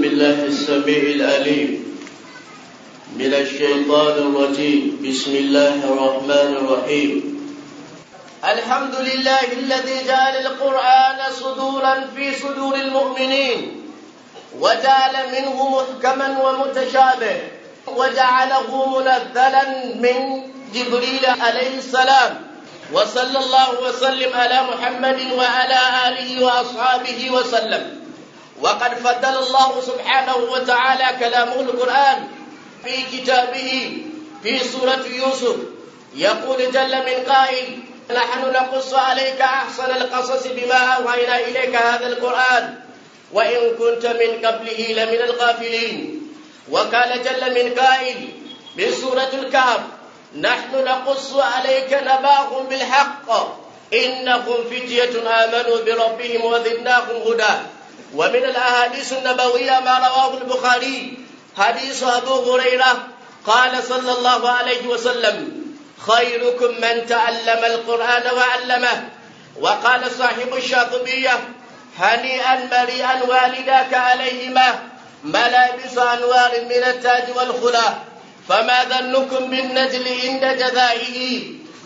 بالله السميع العليم من الشيطان الرجيم بسم الله الرحمن الرحيم الحمد لله الذي جعل القرآن صدورا في صدور المؤمنين وجعل منه محكما ومتشابه وجعله منزلا من جبريل عليه السلام وصلى الله وسلم على محمد وعلى آله وأصحابه وسلم وقد فضل الله سبحانه وتعالى كلامه القرآن في كتابه في سورة يوسف يقول جل من قائل نحن نقص عليك أحسن القصص بما أوحينا إليك هذا القرآن وإن كنت من قبله لمن الغافلين وقال جل من قائل من سورة الكهف نحن نقص عليك نباهم بالحق إنهم فتية آمنوا بربهم وزدناهم هدى ومن الأحاديث النبوية ما رواه البخاري حديث أبو هريرة قال صلى الله عليه وسلم خيركم من تعلم القرآن وعلمه وقال صاحب الشاطبية هنيئا مريئا والداك عليهما ملابس أنوار من التاج والخلا فما ظنكم بالنجل عند جزائه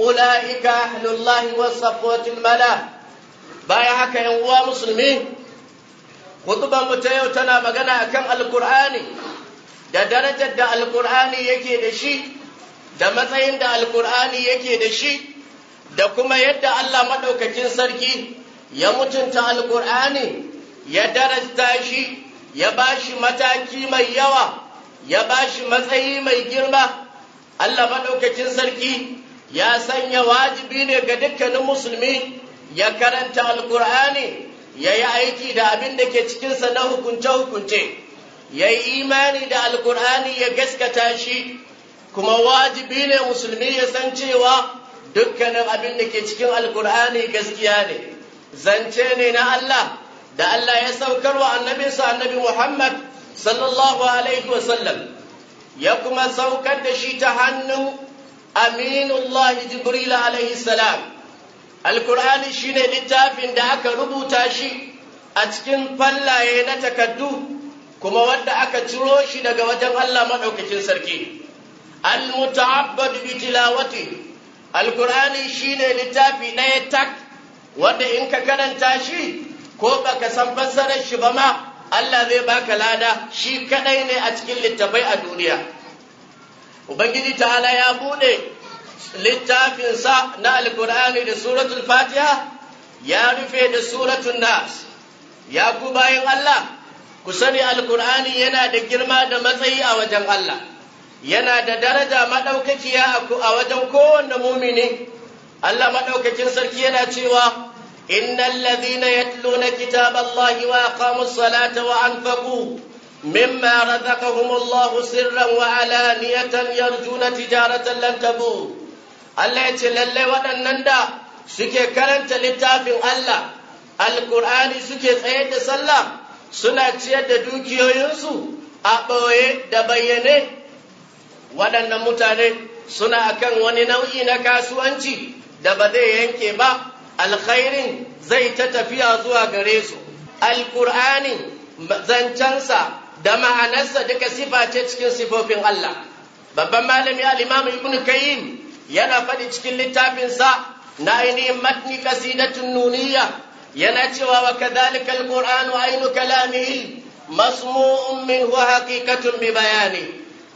أولئك أهل الله والصفوة الملا بايعك يا مسلمين mu ta yau tana magana akan alkur'ani da darajar da alkur'ani yake da shi da matsayin da alkur'ani yake da shi da kuma yadda Allah maɗaukakin sarki ya mutunta alkur'ani ya darasta shi ya ba shi mataki mai yawa ya ba shi matsayi mai girma Allah maɗaukakin sarki ya sanya wajibi ne ga dukkanin musulmi ya karanta alkur'ani ya yi aiki da abin da ke cikinsa na hukunce-hukunce ya yi imani da alkur'ani ya gaskata shi kuma wajibi ne musulmi ya san cewa dukkanin abin da ke cikin alkur'ani gaskiya ne zance ne na Allah da Allah ya saukar wa annabinsa annabi Muhammad sallallahu alaihi wasallam ya kuma saukar da shi ta hannun aminullahi jibril alaihi salam alkur'ani shine littafin da aka rubuta shi a cikin fallaye na takaddu kuma wanda aka ciro shi daga wajen Allah maɗaukacin sarki al muta'abbad bi tilawati shine littafi na tak wanda in ka karanta shi ko baka san fassarar shi ba ma Allah zai baka lada shi kadai ne a cikin littafai a duniya ubangiji ta'ala ya bude littafinsa na alkur'ani da suratul fatiha ya rufe da suratul nas ya ku bayan Allah ku sani alkur'ani yana da girma da matsayi a wajen Allah yana da daraja maɗaukakiya a wajen kowanne mumini Allah maɗaukakin sarki yana cewa innal ladhina yatluna kitaballahi wa aqamus salata wa anfaqu مما رزقهم الله سرا وعلانية يرجون تجارة لن تبور Allah ya ce lallai waɗannan da suke karanta littafin Allah alƙur'ani suke tsaye da sallah suna ciyar da dukiyoyinsu a ɓoye da bayyane waɗannan mutane suna akan wani nau'i na kasuwanci da ba zai yanke ba alkhairin zai ta tafiya zuwa gare su alkur'ani zancensa da ma'anarsa duka sifa ce cikin sifofin Allah babban malami al imamu ibn kayyim yana faɗi cikin littafinsa na ainihin matni kasidatun nuniya yana cewa wa kadhalika alqur'anu ainu kalamihi masmu'un minhu haqiqatun bi bayani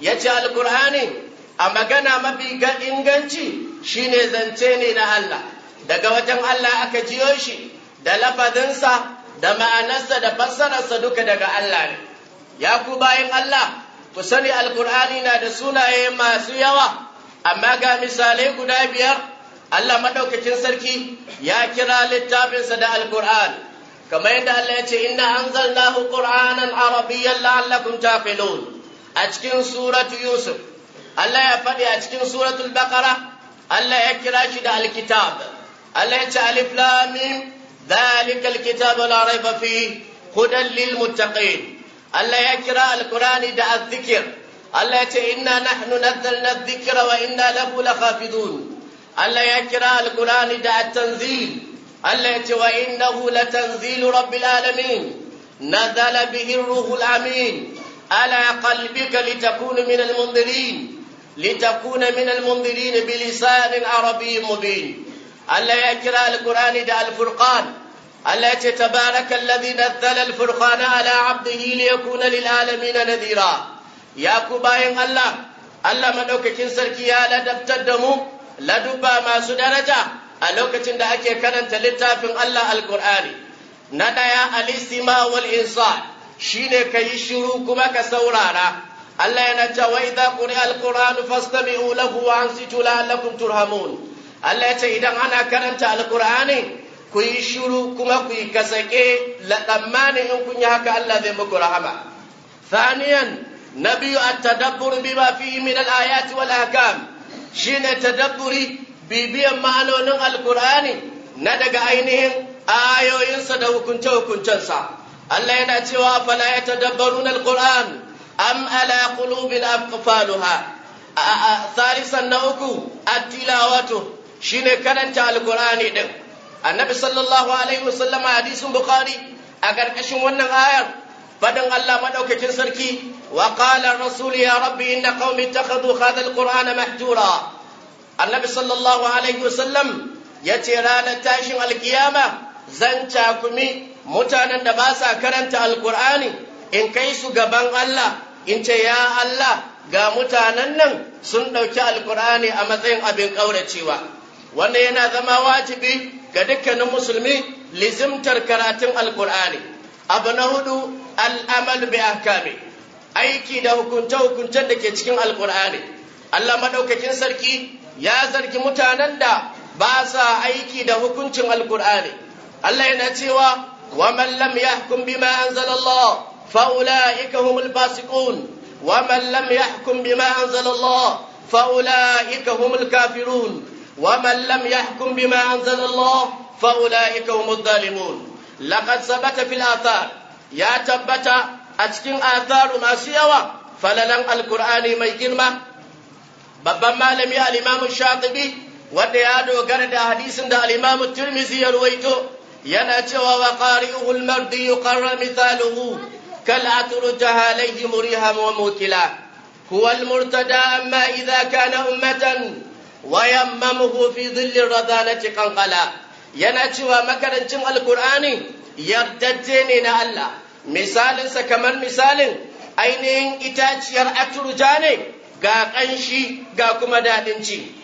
yace alqur'ani a magana mafi inganci, inganci shine zance ne na Allah daga wajen Allah aka jiyo shi da lafazinsa da ma'anarsa da fassararsa duka daga Allah ne ya ku bayan Allah ku sani alqur'ani na da sunaye masu yawa amma ga misalai guda biyar Allah madaukakin sarki ya kira littafinsa da alkur'an kamar yadda Allah ya ce inna anzalnahu qur'anan arabiyyan la'allakum taqilun a cikin suratu yusuf Allah ya faɗi a cikin suratul baqara Allah ya kira shi da alkitab Allah ya ce alif lam mim dhalika alkitab la rayba fihi hudan lil muttaqin Allah ya kira alqur'ani da azzikr التي إنا نحن نزلنا الذكر وإنا له لخافضون ألا يا القرآن جاء التنزيل التي وإنه لتنزيل رب العالمين نزل به الروح الأمين على قلبك لتكون من المنذرين لتكون من المنذرين بلسان عربي مبين ألا يا القرآن جاء الفرقان التي تبارك الذي نزل الفرقان على عبده ليكون للعالمين نذيرا ya ku bayan Allah Allah madaukakin sarki ya ladabtar da mu laduba masu daraja a lokacin da ake karanta littafin Allah alkur'ani na ɗaya alistima wal insa shine ka yi shiru kuma ka saurara Allah yana cewa idza quri alqur'anu fastami'u lahu wa ansitu la'allakum turhamun Allah ya ce idan ana karanta alkur'ani ku yi shiru kuma ku yi kasake la tsammani in kun yi haka Allah zai muku rahama thaniyan na biyu a tadabbur bima fi min al-ayati wal ahkam shine tadabburi bibiyan ma'anonin alkur'ani na daga ainihin ayoyinsa da hukunce-hukuncensa Allah yana cewa fala ya tadabbarun alkur'an am ala qulubin aqfaluha thalisan na uku at-tilawatu shine karanta alkur'ani din annabi sallallahu alaihi wasallama hadisin bukhari a karkashin wannan ayar fadan Allah madaukakin sarki wa qala rasul ya rabbi inna qaumi ittakhadhu hadha alqur'ana mahjura annabi sallallahu alaihi wasallam yace ranar tashin alkiyama zan takumi mutanen da ba sa karanta alqur'ani in kai su gaban Allah in ce ya Allah ga mutanen nan sun ɗauki alkur'ani a matsayin abin ƙauracewa wanda yana zama wajibi ga dukkanin musulmi lizimtar karatun alkur'ani abu na hudu al'amal bi ahkami aiki da hukunce hukuncen da ke cikin alkur'ani Allah madaukakin sarki ya zargi mutanen da ba sa aiki da hukuncin alkur'ani Allah yana cewa wa man lam yahkum bima anzalallah fa ulaika humul fasiqun wa man lam yahkum bima anzalallah fa ulaika humul kafirun wa man lam yahkum bima anzalallah fa ulaika humud zalimun laqad sabata fil athar ya tabbata a cikin azaru masu yawa falalan alkur'ani mai girma babban malami al-imam shatibi wanda ya dogara da hadisin da al-imam tirmizi ya ruwaito yana cewa wa qari'uhu al-mardi yuqarra mithaluhu kal atru jahalayhi muriham wa mukila huwa al-murtada amma idha kana ummatan wa yammamuhu fi dhilli radalati qanqala yana cewa makarancin alkur'ani yardajje ne na Allah misalinsa kamar misalin ainihin itaciyar aturja ne ga ƙanshi ga kuma daɗin ci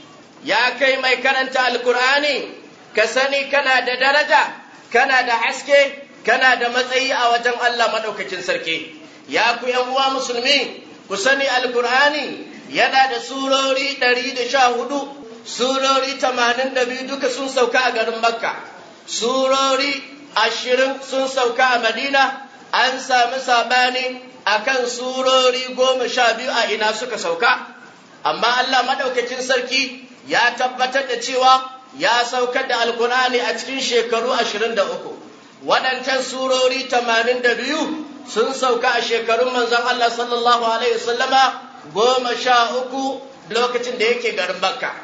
ya kai mai karanta alkur'ani ka sani kana da daraja kana da haske kana da matsayi a wajen Allah maɗaukakin sarki ya ku uwa musulmi ku sani alkur'ani yana da surori 114 surori 82 duka sun sauka a garin makka surori 20 sun sauka a madina an sami sabani kan surori goma sha biyu a ina suka sauka amma Allah maɗaukacin sarki ya tabbatar da cewa ya saukar da alkur'ani a cikin shekaru ashirin da uku waɗancan surori tamanin da biyu sun sauka a shekarun manzon Allah sallallahu alaihi wasallama goma sha uku lokacin da yake garin Makka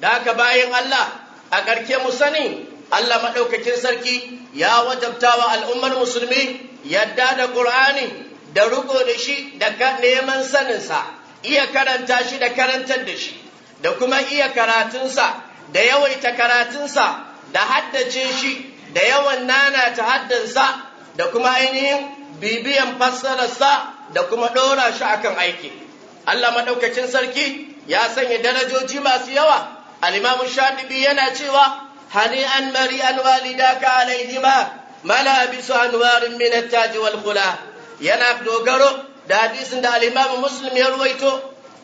da haka bayan Allah a ƙarke mu sani Allah maɗaukakin sarki ya wajabta wa al'ummar musulmi yadda da ƙur'ani da riko da shi da neman saninsa, iya karanta shi da karantar da shi, da kuma iya karatunsa, da yawaita karatunsa, da haddace shi, da yawan nana ta haddansa, da kuma ainihin bibiyan fassararsa, da kuma ɗora shi akan aiki. Allah maɗaukacin sarki ya sanya darajoji masu yawa, alimamin shaɗibi yana cewa, هنيئا مريئا والداك عليهما ملابس أنوار من التاج والخلا يناك دوغرو da hadisin da al-Imam Muslim ya ruwaito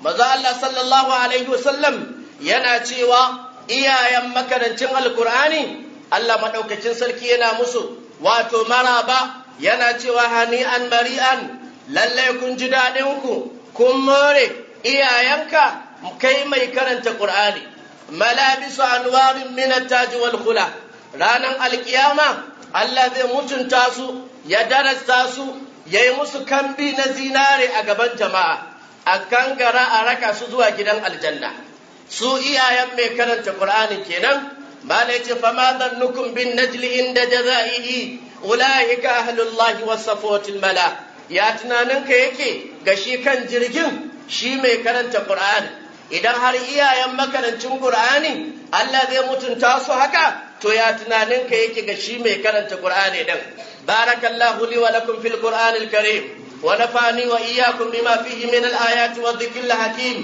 manzo Allah sallallahu alaihi wasallam yana cewa iyayen makarancin alkur'ani Allah maɗaukacin sarki yana musu wato maraba yana cewa hani an mari'an lallai kun ji dadin ku kun more iyayenka kai mai karanta ƙur'ani. malabisu anwarin min at-taj wal khula ranan alkiyama Allah zai mutunta su ya darasta su ya yi musu kambi na zinare a gaban jama'a a kangara a raka su zuwa gidan aljanna su iyayen mai karanta qur'ani kenan malai ce fa ma zannukum bin najli inda jazaihi ulaika ahlullahi was safawatul mala ya tunaninka yake ga shi kan jirgin shi mai karanta qur'ani idan har iyayen makarancin Qur'ani Allah zai mutunta su haka to ya tunanin ka yake ga shi mai karanta Qur'ani din barakallahu li wa lakum fil qur'ani al karim wa nafani wa iyyakum bima fihi min al ayati wa dhikril hakim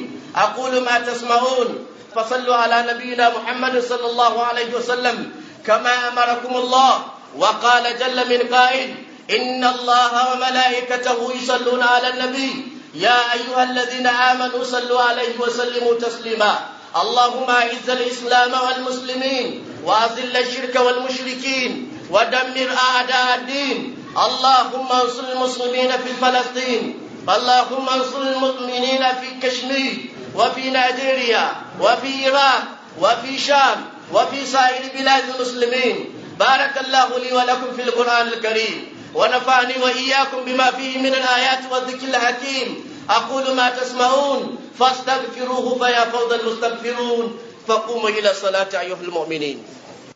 aqulu ma tasma'un فصلوا على نبينا محمد صلى الله عليه وسلم كما امركم الله وقال جل من قائل ان الله وملائكته يصلون على النبي يا أيها الذين آمنوا صلوا عليه وسلموا تسليما اللهم أعز الإسلام والمسلمين وأذل الشرك والمشركين ودمر أعداء الدين اللهم انصر المسلمين في فلسطين اللهم انصر المؤمنين في كشمير وفي نيجيريا وفي إيران وفي شام وفي سائر بلاد المسلمين بارك الله لي ولكم في القرآن الكريم ونفعني وإياكم بما فيه من الآيات والذكر الحكيم أقول ما تسمعون فاستغفروه فيا فوضى المستغفرون فقوموا إلى صلاة أيها المؤمنين